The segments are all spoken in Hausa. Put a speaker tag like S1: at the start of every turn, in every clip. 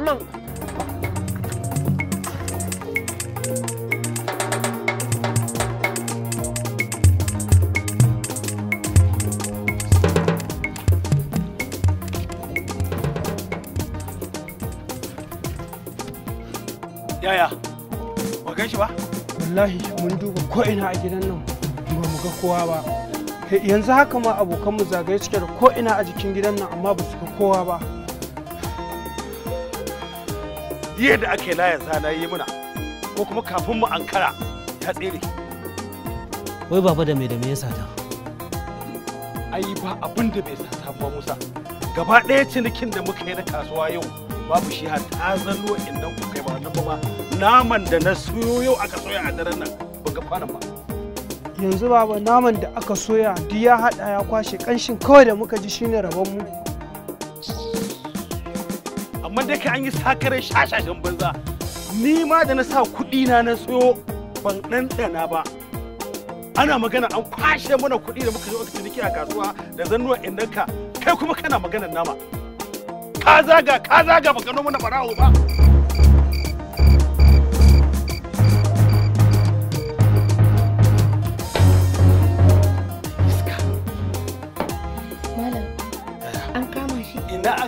S1: mun. Yaya? Ba gan shi ba?
S2: Wallahi mun duba ko'ina a
S1: gidan nan ba mu ga kowa ba. Yanzu haka ma abokanmu zagaye suke da ko'ina a jikin gidan nan amma ba su ga kowa ba. yadda ake laya sana yi muna ko kuma kafin mu ankara ta tsere
S2: wai baba da me da me ya sata
S1: ai ba abin da bai sata ba musa gaba ɗaya cinikin da muka yi na kasuwa yau babu shi har ta zallo inda ku kai ba na kuma naman da na soyo yau aka soya a daren nan ba ga kwanan ba yanzu baba naman da aka soya duk ya haɗa ya kwashe ƙanshin kawai da muka ji shine rabon mu amma dai an yi sakarar shashashan banza ni ma da na sa kuɗi na na tsoyo ban ɗanɗana ba ana magana an kwashe mana kuɗi da muka zo aka ciniki a kasuwa da zannuwa indanka kai kuma kana maganar nama ka zaga ka zaga ba nuna mana barawo ba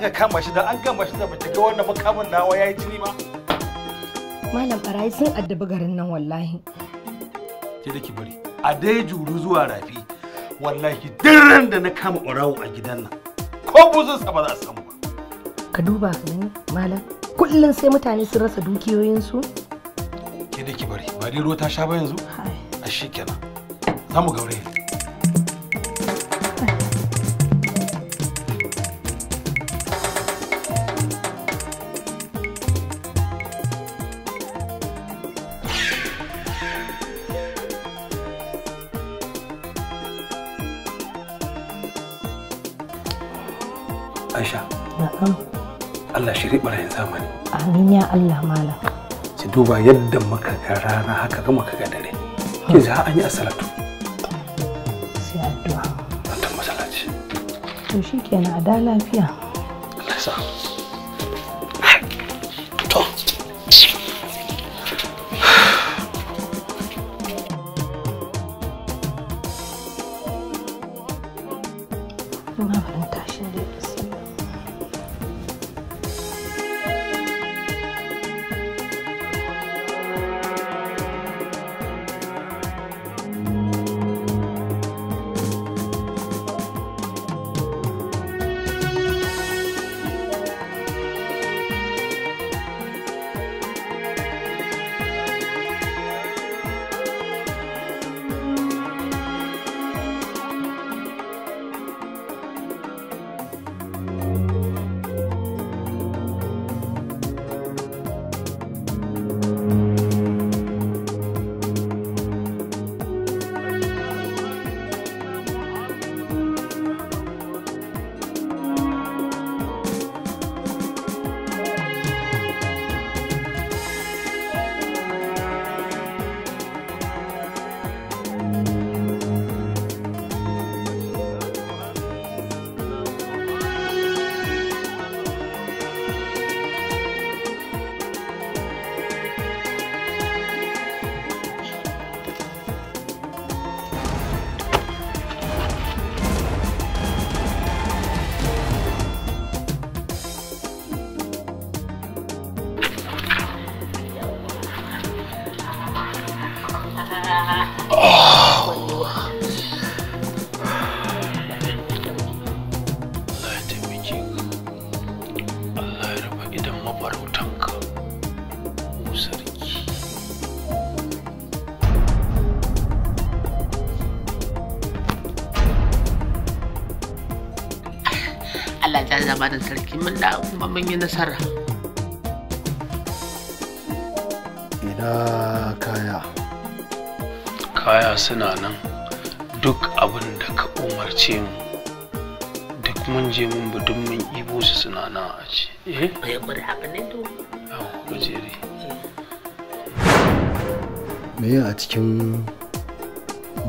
S1: aka kama shi da an kama shi da bata ga wannan makamin nawa yayi jini ba
S2: malam barayi sun addabi garin nan wallahi
S1: ke da ki bari a dai juru zuwa rafi wallahi dirran da na kama ɓarawo a gidan nan ko sa ba za a samu ba ka duba ka gani malam kullum sai mutane sun rasa dukiyoyinsu ke da ki bari ba dai ruwa ta sha ba yanzu a shi kenan za mu gaure Allah shi riɓa rayin zamani. Amin ya Allah malam. Ki duba yadda muka ga rana haka ga muka ga dare. Ki za an yi asalatu. Sai addu'a. masallaci. To shi kenan a da lafiya.
S3: da sarki mun da kuma mun yi nasara
S2: ina kaya kaya suna nan duk abin da ka umarce mu duk mun je mun bi duk mun ibo su suna nan a ce eh bai bari haka ne to gajere me a cikin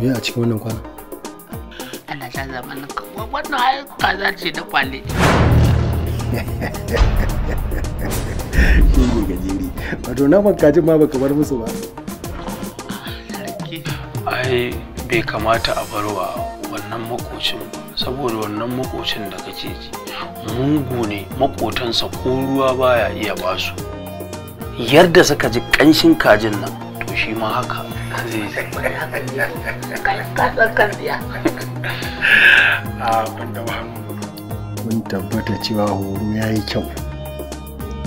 S2: me a cikin wannan kwana
S3: Allah ya zama nan wannan kaza ce da kwale shi ne
S2: gajeri wato na ma baka bar musu ba ai bai kamata a barwa wannan makocin saboda wannan makocin da kake ji mugu ne makotansa ko ruwa baya iya basu yadda suka ji kanshin kajin nan to shi ma haka zai ji a mun tabbata cewa horo ya yi kyau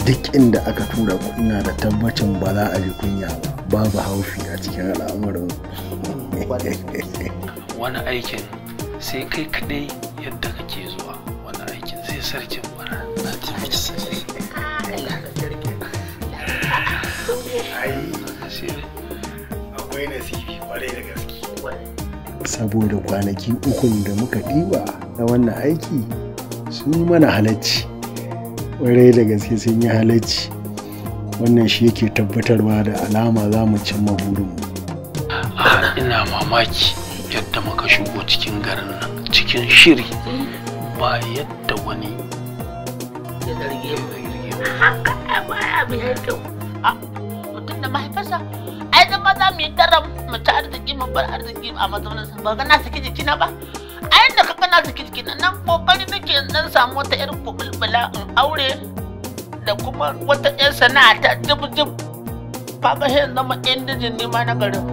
S2: duk inda aka tura kuna da tabbacin ba za a ji kunya ba babu haufi a cikin al'amarin wani aikin sai kai kadai yadda kake zuwa wani aikin sai sarkin bara na taimaki sarki akwai kwarai da gaske saboda kwanaki ukun da muka diba na wannan aiki sun mana halacci ƙwarai da gaske sun yi halacci wannan shi yake tabbatarwa da alama za mu cimma burinmu ina mamaki yadda muka shigo cikin garin nan cikin shiri ba yadda wani ya
S3: mu ba zama za mu yi daram arziki arziki a mazaunin ba ga na saki ba na saki na nan kokari nake nan samu wata irin kubulbula in aure da kuma wata yar sana'a ta jib-jib faga hin zama indijin nima na garin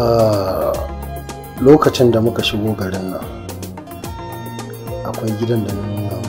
S2: ah, lokacin da muka shigo garin nan akwai gidan da nuna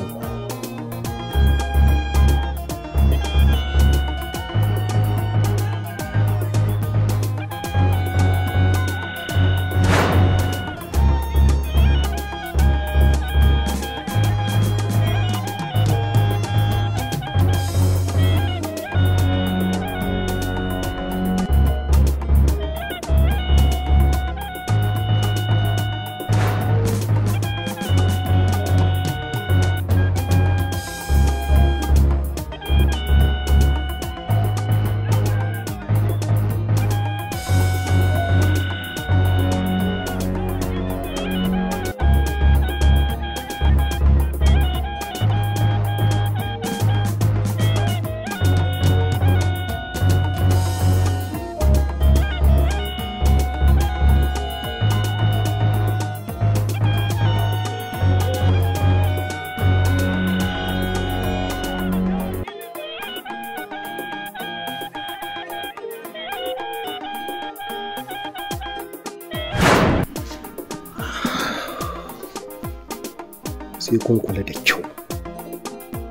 S2: sai kun kula da kyau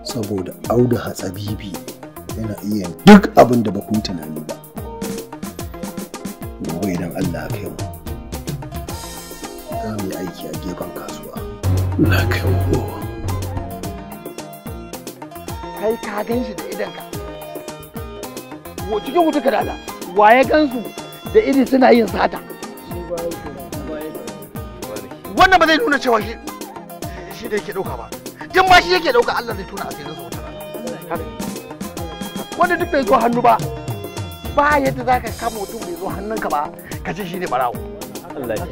S2: saboda auda hatsabibi yana iya duk abin da ba ku tunani ba gobe idan allah kai mu za mu yi aiki a gefen kasuwa na kai mu kai ka gan shi da
S3: idanka cikin wuta ka dala waye gansu da iri suna yin sata wannan ba zai nuna cewa shi da yake dauka ba in ma shi yake dauka Allah zai tuna a cikin wata wanda duk bai zo hannu ba ba yadda zaka kama mutum bai zo hannunka ba ka ji shine barawo Allah ya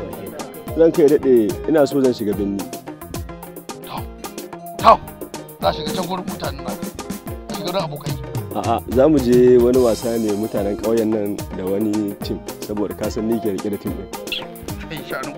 S2: zan kai dade ina so zan shiga binni to to
S3: za shiga can gurin mutanen nan shiga gurin abokai
S2: a'a za mu je wani wasa ne mutanen ƙauyen nan da wani tim saboda ka san ni ke rike da tim
S3: din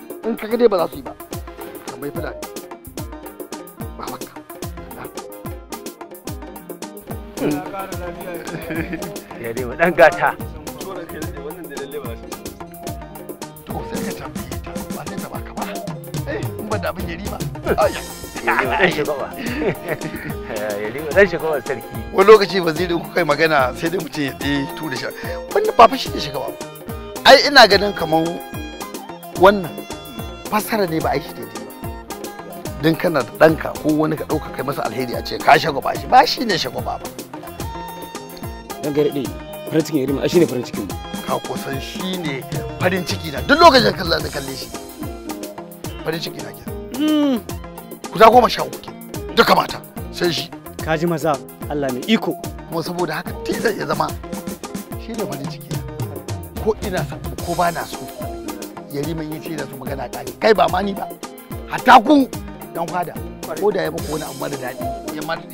S3: in ka gade ba za su yi ba kamar ne ba maka ya dai dan gata to sai ka tambaye ta ba sai ka baka ba eh in ba da abin yari ba wani lokaci wazirin ku kai magana sai dai mutum ya tsaye tu da shi wannan ba fashi da shiga ba ai ina ganin kamar wannan Fasara ne ba a shi daidai ba don kana da ɗanka ko wani ka ɗauka kai masa alheri a ce ka ba shi ba shi ne shago ba
S2: dan gari ɗaya farin cikin irima shi ne farin cikin
S3: ka kusan shi ne farin ciki na duk lokacin kalla da kalle shi farin ciki na ke
S2: ku hmm. za goma sha
S3: uku duka mata sai shi ka ji maza Allah mai iko kuma saboda haka tilas ya zama shi ne farin ciki ko ina so ko ba na so yariman yi ce da su magana kare kai ba ma ni ba hatta ku dan fada ko da ya muku wani abu da dadi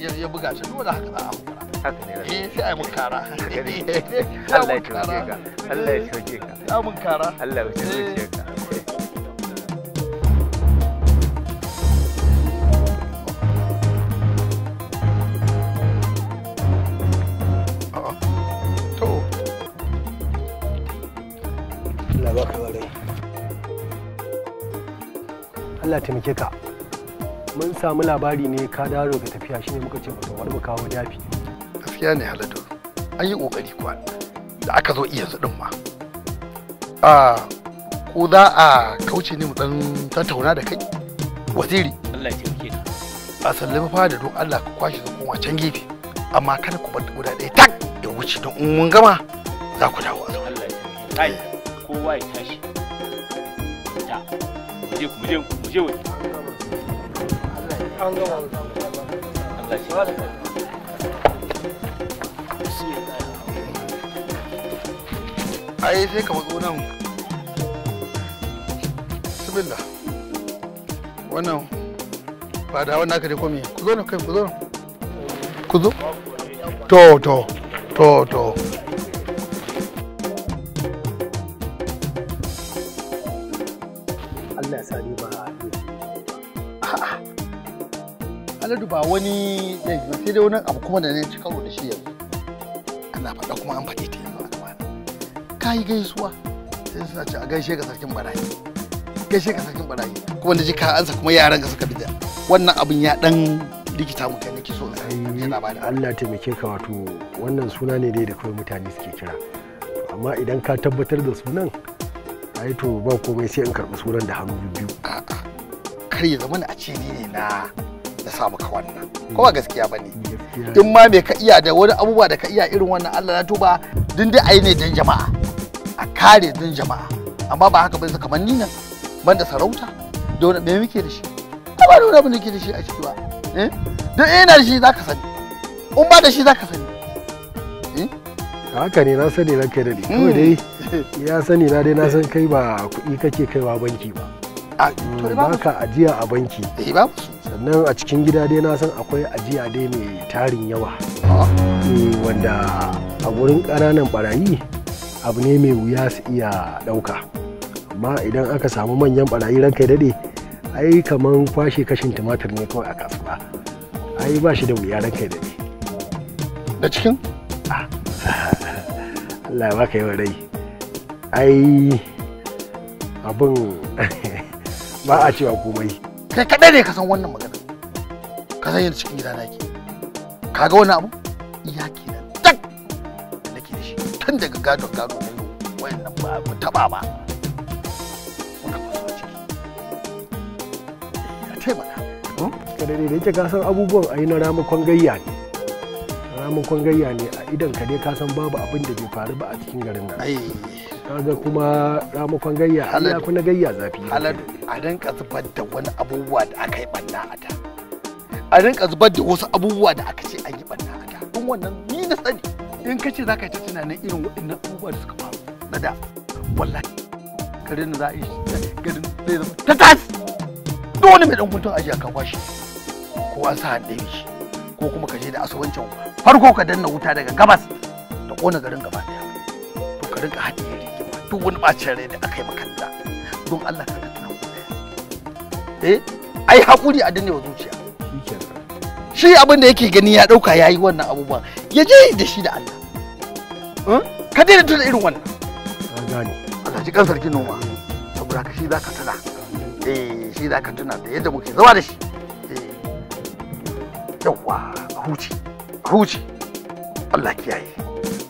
S3: ya ya buga shi dole haka za a muku haka ne eh sai ai mun eh, kara Allah ya soke ka Allah ya soke ka Allah ya soke ka
S2: Allah taimake ka mun samu labari ne ka dawo ga tafiya shine muka ce mutum wani mu kawo dafi gaskiya ne haladu an yi kokari kuwa da aka zo iya zudin ma a
S3: ko za a kauce ne mu dan tattauna da kai waziri Allah ya taimake ka a sallama fa da don Allah ka kwashe zuwa kuma can gefe amma kada ku bar guda ɗaya tak ya wuce don in mun gama za ku dawo
S1: a zo Allah ya taimake kowa ya tashi ta mu je mu je mu je wuri
S3: ai sai ka mago nan sibilla wannan ba da wannan ka komi ku zo na kai ku zo ku zo to to to to aladu ba wani laifi sai dai wani abu kuma da ne ci karo da shi yanzu. Ana faɗa kuma an faɗi ta yanzu almana. Ka yi gaisuwa sai suna ce a gaishe ga sarkin barayi. Gaishe ga sarkin barayi. Kuma da ji ka ansa kuma yaran ga suka bi da. Wannan abin ya
S2: ɗan likita mu kai nake so yana ba da Allah taimake ka wato wannan suna ne dai da kawai mutane suke kira. Amma idan ka tabbatar da sunan ai to ba komai sai in karɓi sunan da hannu biyu. A'a kar ya zama a ce ni ne na ya sa maka wannan
S3: ko ba gaskiya ba ne in ma me ka iya da wani abubuwa da ka iya irin wannan Allah na tuba din dai ayi ne dan jama'a a kare din jama'a amma ba haka bane kamar ni nan ban da sarauta da wani me muke da shi ko ba da wani abu nake da shi a ciki ba eh duk ina da shi zaka sani in ba da shi zaka sani
S2: eh? haka ne na sani na kai da kawai hmm. dai ya sani na dai na san kai ba kuɗi kake kaiwa banki ba ba ka ajiya a banki eh, sannan a cikin gida dai na san akwai ajiya dai mai tarin yawa ah. eh, wanda a wurin ƙananan barayi abu ne mai wuya su iya ɗauka amma idan aka samu manyan barayi ranka daɗe ai kamar kwashe kashin tumatir ne kawai a kasuwa ai ba shi da wuya ranka daɗe da cikin ah. Allah ya baka yawan rai ai abin ba a cewa komai
S3: kai kadai ne ka san wannan magana ka san yadda cikin gida na ke kaga wani abu iya nan tak da nake da shi tun daga gadon gado na yau wayannan ba mu taba ba kada
S2: ne da yake hmm? ka san abubuwan a yi na ramakon gayya ne ramakon gayya ne a idan ka dai ka san babu abin da bai faru ba a cikin garin nan kaga kuma ramukan gayya Allah fi kuna gayya zafi aladu a rinka zubar da wani abubuwa da aka yi banna a da
S3: a rinka zubar da wasu abubuwa da aka ce an yi banna a da don wannan ni na sani in ka ce za ka ta tunanin irin waɗannan abubuwa da suka faru na da wallahi garin za a yi garin zai zama ta tas dole mai ɗan kuntun ajiya ka kwashi ko an sa hanɗe shi ko kuma ka je da asubancin farko ka danna wuta daga gabas ta ƙona garin gaba daya to ka rinka haɗiye duk wani ɓacin rai da aka yi makanta don Allah ka da tunan eh ai hakuri a danne wa zuciya shi abin da yake gani ya ɗauka ya yi wannan abubuwan ya je da shi da Allah hmm? ka daina tuna irin wannan
S2: ka gane
S3: Allah ji kan sarki noma saboda ka shi za ka tuna eh shi za ka tuna da yadda muke zama da shi eh. yawwa huci huci Allah kiyaye